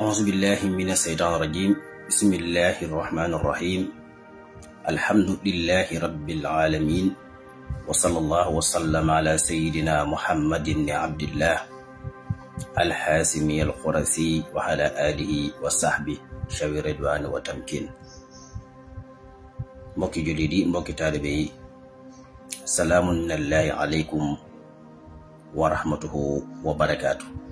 أعوذ بالله من الشيطان الرجيم بسم الله الرحمن الرحيم الحمد لله رب العالمين وصلى الله وسلم على سيدنا محمد بن عبد الله الحاسمي القرسي وعلى آله وصحبه شوي رضوان وتمكين موكي jullit موكي تاربي سلام الله عليكم ورحمته وبركاته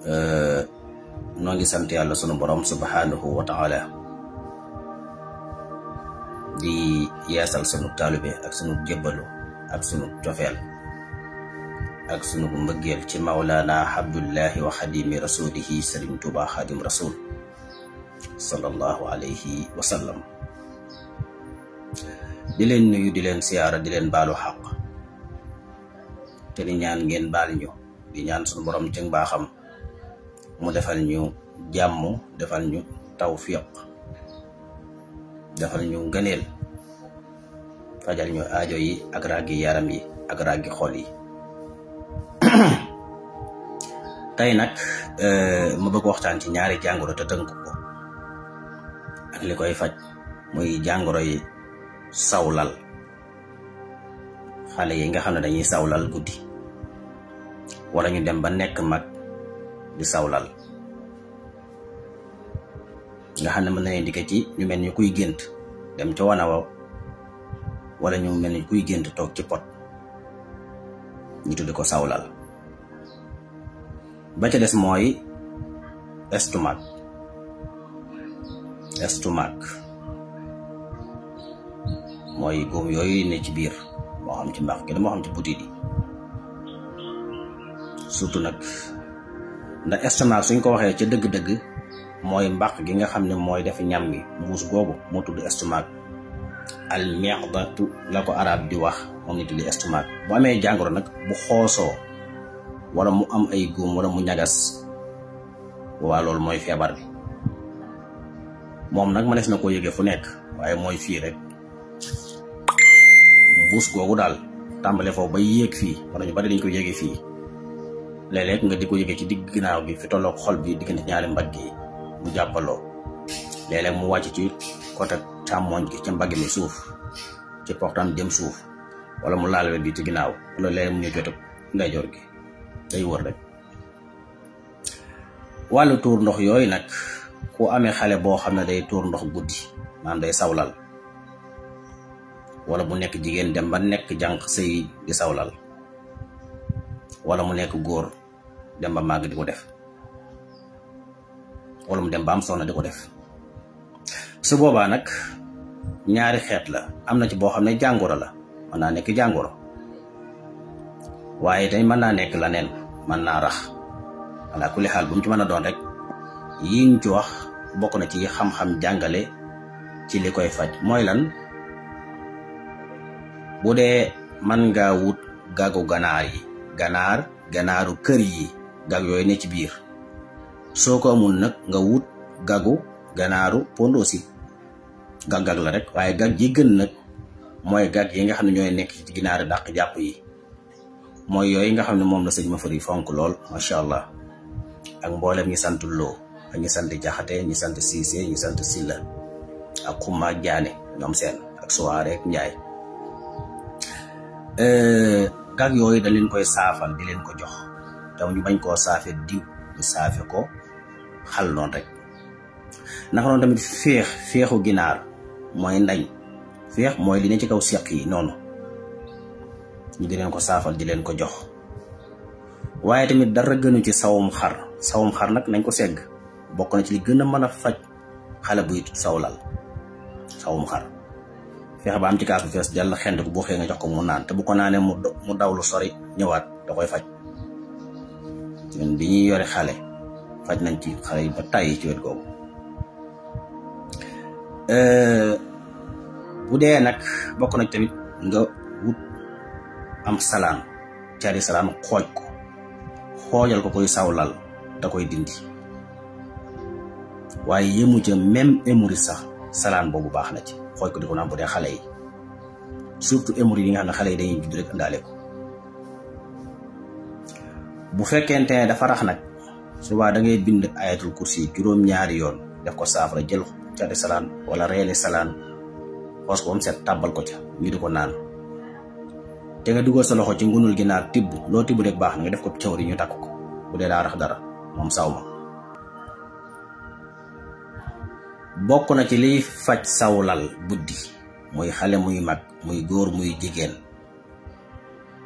Eh, noo ngi sant sunu borom subhanahu wa taala di yeesal sunu taalibe ak sunu jébbalu ak sunu tofel ak sunu mbëggeel ci maulana abdullah wa khadim rasulih sëriñ tuba khadim rasul sallallahu alayhi wa sallam di len nuyu di len siara di len balu xaq te ni ñaan ngeen bal ñu di ñaan sunu borom ci mbaaxam mu defal ñu jàmm defal ñu tawfiq defal ñu ngëneel fajal ñu aajo yi ak raggi yaram yi ak raggi xool yi tey nag euh, ma bëgg waxtaan ci ñaari jàngoro te tënk ko ak li koy faj muy jàngoro yi sawlal xale yi nga xam ne dañuy sawlal guddi wala ñu dem ba nekk mag di sawlal nga xam ne mën na indiqué ci ñu mel ni kuy gént dem ca wana wa wala ñu mel ni kuy gént toog ci pot ñu tuddi ko sawlal ba ca des mooy estomac estomac mooy góom yooyu ne ci biir moo xam ci mbaax gi moo xam ci butit yi surtout nag ndax estomac suñ ko waxee ca dëgg-dëgg mooy mbaq gi nga xam ne mooy def ñam gi mbuus googu moo tudd estomac al miqdatu la ko arab di wax moom ni tudd estomac bu amee jàngoro nag bu xoosoo wala mu am ay góom wala mu ñagas waa loolu mooy feebar moom nag mënees na ko yëgee fu nekk waaye mooy fii rek mbuus googu daal tàmbale foofu ba yéeg fii wala ñu bari dañ ko yéegee fii léeg nga di ko yëgee ci digg ginnaaw bi fi tolloog xol bi diggante ñaari mbagg yi mu jàppaloo léeg mu wàcc ci côté càmmooñ gi ci mbagg mi suuf ci poxtaan jëm suuf wala mu laal wet bi ci ginnaaw wala léeg-léeg mu ñu gi day wër rek wàllu ndox yooyu nag ku amee xale boo xam ne day tuur ndox guddi maanaam day sawlal wala mu nekk jigéen dem ba nekk jànq sëy di sawlal wala mu nekk góor dem ba màgg di ko def wala mu dem ba am soxna di ko def su boobaa nag ñaari xeet la am na ci boo xam ne jàngoro la mën naa nekk jàngoro waaye dañ mën naa nekk leneen mën naa rax ala kulli xaal bu mu ci mën a doon rek yi ñu ci wax bokk na ci xam-xam jàngale ci li koy faj mooy lan bu dee man ngaa wut gàggu ganaar yi ganaar ganaaru kër yi gag yooyu ne ci biir soo ko amul nag nga wut gagu ganaaru pondoosi gag-gag la rek waaye gag yi gën nag mooy gag yi nga xam ne ñooy nekk ci yi daq jàpp yi mooy yooyu nga xam ne moom la sëñ ma yi fonk lool macha allah ak mboolem ñi sant loo ak ñi sant jaxate ñi sant siise ñi sant silla ak xumma ak jaane ñoom seen ak sowaare ak njaay euh, gag yooyu da leen koy saafal di leen ko jox taw ñu bañ koo saafe diw saafe ko xal noon rek naka noonu tamit féex féexu ginaar mooy ndañ féex mooy li ci kaw seq yi noonu ñu di leen ko saafal di leen ko jox waaye tamit dara gënu ci sawum xar sawum xar nag nañ ko segg bokk na ci li gën a mën a faj xale buy sawlal sawum xar feex ba am ci kaas fees jàll xent ko boo xëyee jox ko mu naan te bu ko naanee mu mu sori ñëwaat da koy faj ñun bi yore xale faj nañ ci xale yi ci wet googu euh, bu dee nag bokk na tamit nga wut am salaan cari salaan xooj ko xoojal ko koy sawlal da koy dindi waaye yëmu ca même émori sax salaan boobu baax na ci xooj ko di ko naan bu dee xale yi surtout émori yi nga xam ne xale yi dañuy judd rek indaale bu fekente ne dafa rax su subaa da ngay bind ayatul kursi juróom-ñaari yoon def ko saafara jël cati salan wala reele salan xoos ko set tabal ko ci ñu di ko naan te nga dugal sa loxo ci ngunul ginaar tibb lo tibb rek bax nga def ko cawri ñu takk bu de la rax dara mom bokku na ci li fajj sawlal buddi muy xale muy mag muy gor muy jigen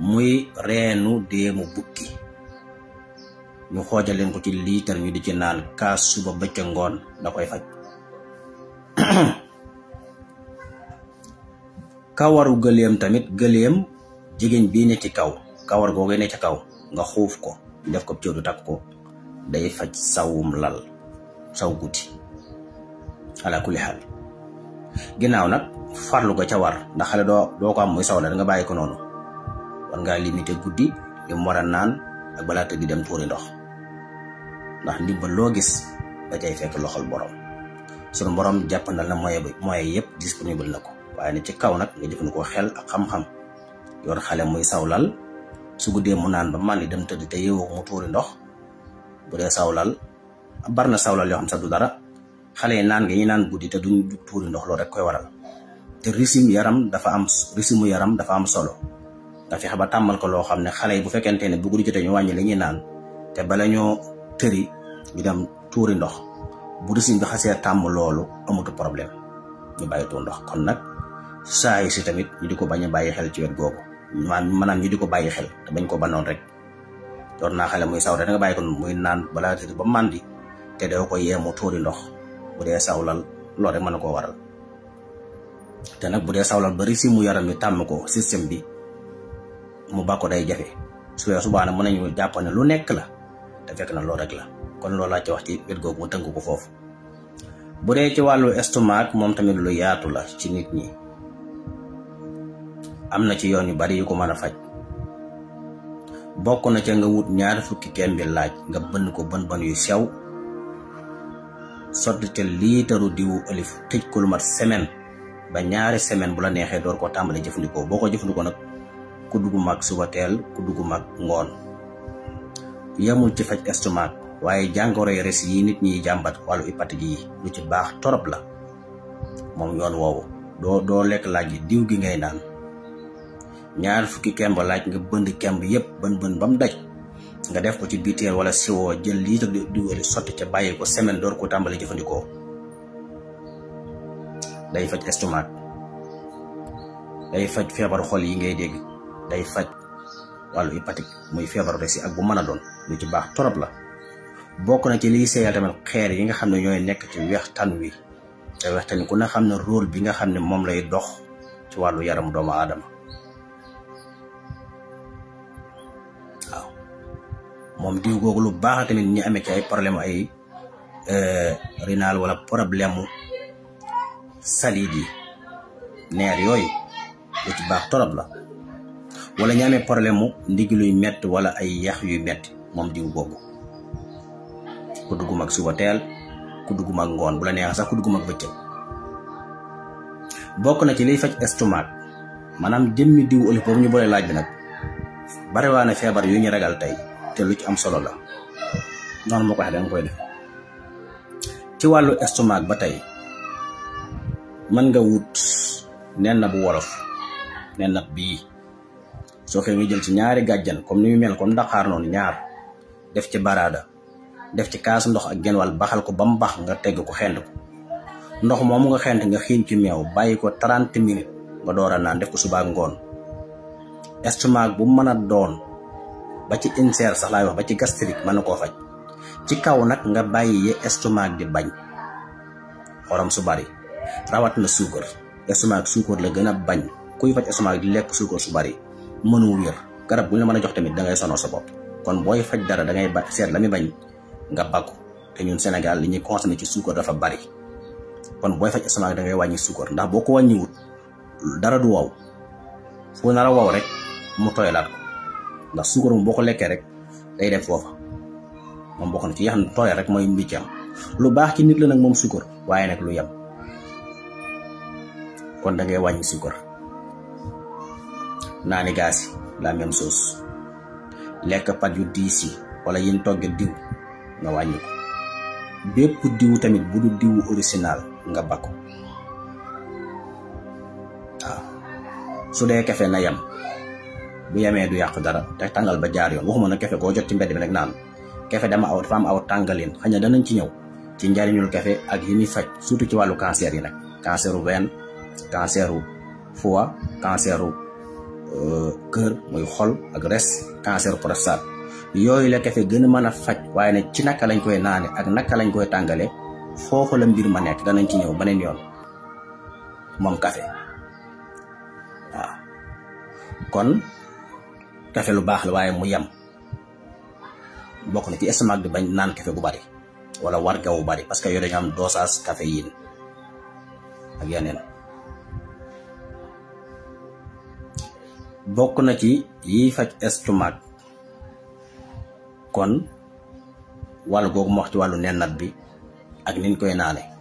muy reenu demu bukki ñu xoojal leen ko ci liitar ñu di ci naan kaas suba bëccëg ngoon da koy faj kawaru gëléem tamit gëléem jigéen bii ci kaw kawar googee ne ci kaw nga xuuf ko def ko cóodu takk ko day faj sawum lal saw guddi ala kulli xaal ginnaaw nag farlu ga ca war ndax xale doo doo ko am muy saw la da nga bàyyi ko noonu war ngaa limité guddi li mu war a naan ak balaa tëdd di dem tuuri ndox ndax nah, ba lo gis da cay fekk loxol borom sunu borom jappal na moye moye yep disponible na waye ni ci kaw nag nga jëfandikoo xel ak xam-xam yor xale muy sawlal su gude mu nan ba mali dem teud te yewu mu tori ndox bu de sawlal barna sawlal yo xam sa du dara xale nan nga ñi nan gudi te duñ tori ndox lo rek koy waral te risim yaram dafa am risim yaram dafa am solo da fi xaba tamal ko lo xamne ne xale bu fekente ne bu ñu wañi li ñi nan te balañu tëri ñu dem tuuri ndox bu rësin bi xasee tàmm loolu amatu problème ñu bàyyi ndox kon nag saa yi tamit di ko bañ bàyyi xel ci wet googu maanaam ñu di ko bàyyi xel te ko ba noonu rek doon naa xale muy saw da nga bàyyi naan balaa tëdd ba màndi te doo ko yeemu tuuri ndox bu dee sawlal loolu rek mën na koo waral te nag bu dee sawlal bari si mu yaram mi tàmm ko système bi mu bàkko day jafe su subaa nag mën nañu jàpp ne lu nekk la te fekk na lool rek la kon loolu laa ci wax ci wet googu mu tënk ko foofu bu dee ci wàllu estomac moom tamit lu yaatu la ci nit ñi am na ci yoon yu bari yu ko mën a faj bokk na ca nga wut ñaari fukki kembi laaj nga bënn ko bën bën yu sew sotti ca liitaru diw ëlif tëj ko lu ba ñaari semaine bu la neexee door koo tàmbali jëfandikoo boo ko jëfandikoo nag ku dugg mag suba teel ku dugg mag ngoon yamul ci faj estomac jangoro jàngoroy res yi nit ñi jambat walu hépatique yi lu ci bax torop la mom yoon woowu do do lek laaj diw gi ngay naan ñaar fukki kemb laaj nga bënd kemb yépp bën bën bam daj nga def ko ci bitel wala siwo jël li tak di sotti ci baye ko semaine dor ko tambali jëfëndiko day faj estomac day faj fia xol yi ngay dégg day faj wàllu hépatique muy feebaru si ak bu mën a doon lu ci baax torop la bokk na ci liy seeyal tamit xeer yi nga xam ne ñooy nekk ci weextan wi te wi ku ne xam ne rôle bi nga xam ne moom lay dox ci wàllu yaramu doomu aadama waaw moom lu baax tamit ñi amee ci ay problème ay euh, rénal wala problème mu saliid yi neer yooyu lu baax torop la wala ñu amee problème mu luy wala ay yah yu met mom diw boobu ku dugg mag suba teel ku dugg mag ngoon bu la neex sax ku dugg mag bëccëg bokk na ci lay fajj estomac manam jëmmi diw olif boobu ñu boole laaj bi nag barewaa yu ñu ragal tay te lu ci am solo la non mako wax waxee koy def ci walu estomac ba tay man nga wut nen bu wolof nen na so xëy jël ci ñaari gàjjan comme ni mel comme dakar non ñaar def ci barada def ci kaas ndox ak genwal baxal ko bam bax nga tegg ko xend ko ndox mom nga xend nga xiin ci mew bayiko 30 minutes ba doora naan def ko suba ngon estomac bu mën doon ba ci insel sax lay wax ba ci gastrique man ko ci kaw nak nga ye estomac di bañ xoram su bari rawat na sugar estomac suukar la gëna bañ kuy faj estomac di lek suukar su bari mënu wër garab bu ñu la mën jox tamit da ngay sonal sa bop kon boy fajj dara da ngay sét seet bañ nga bakku té ñun Sénégal li ñi consommé ci sucre dafa bari kon boy fajj estomac da ngay wañi sucre ndax boko wañi wut dara du waw fu na a waw rek mu tooyalaat ko ndax sucre mu boko ko rek day dem foofa mom bokk ci yaxan toy rek mooy mbiccam lu bax ci nit la nak mom sucre waye nak lu yam kon da ngay wañi sucre nani gas la même chose lek pat yu disi wala yin togge diw nga wañu ko diw tamit bu du original nga bako su dee kefe na yam bu yamee du yak dara te tangal ba jaar yon waxuma na kefe ko jot ci mbedd bi nak nan kefe dama aw fam am aw tàngaleen xëy na ci ñew ci njariñul kefe ak yi fajj surtout ci walu cancer yi nag canceru veine canceru foie canceru Euh, kër mooy xol ak res cancer prostate yooyu la café gën a mën a faj waaye ne ci naka lañ koy naane ak naka lañ koy tàngale foofu la mbir ma nekk danañ ci ñëw beneen yoon moom kafe waaw kon café lu baax la waaye mu yem bokk na ci estomac bañ naan café bu bari wala warga wu bari parce que yooyu dañu am dosage caféine ak yeneen bokk na ci yiy faj estomac kon wàll googu ma wax ci wàllu nennat bi ak niñ koy naanee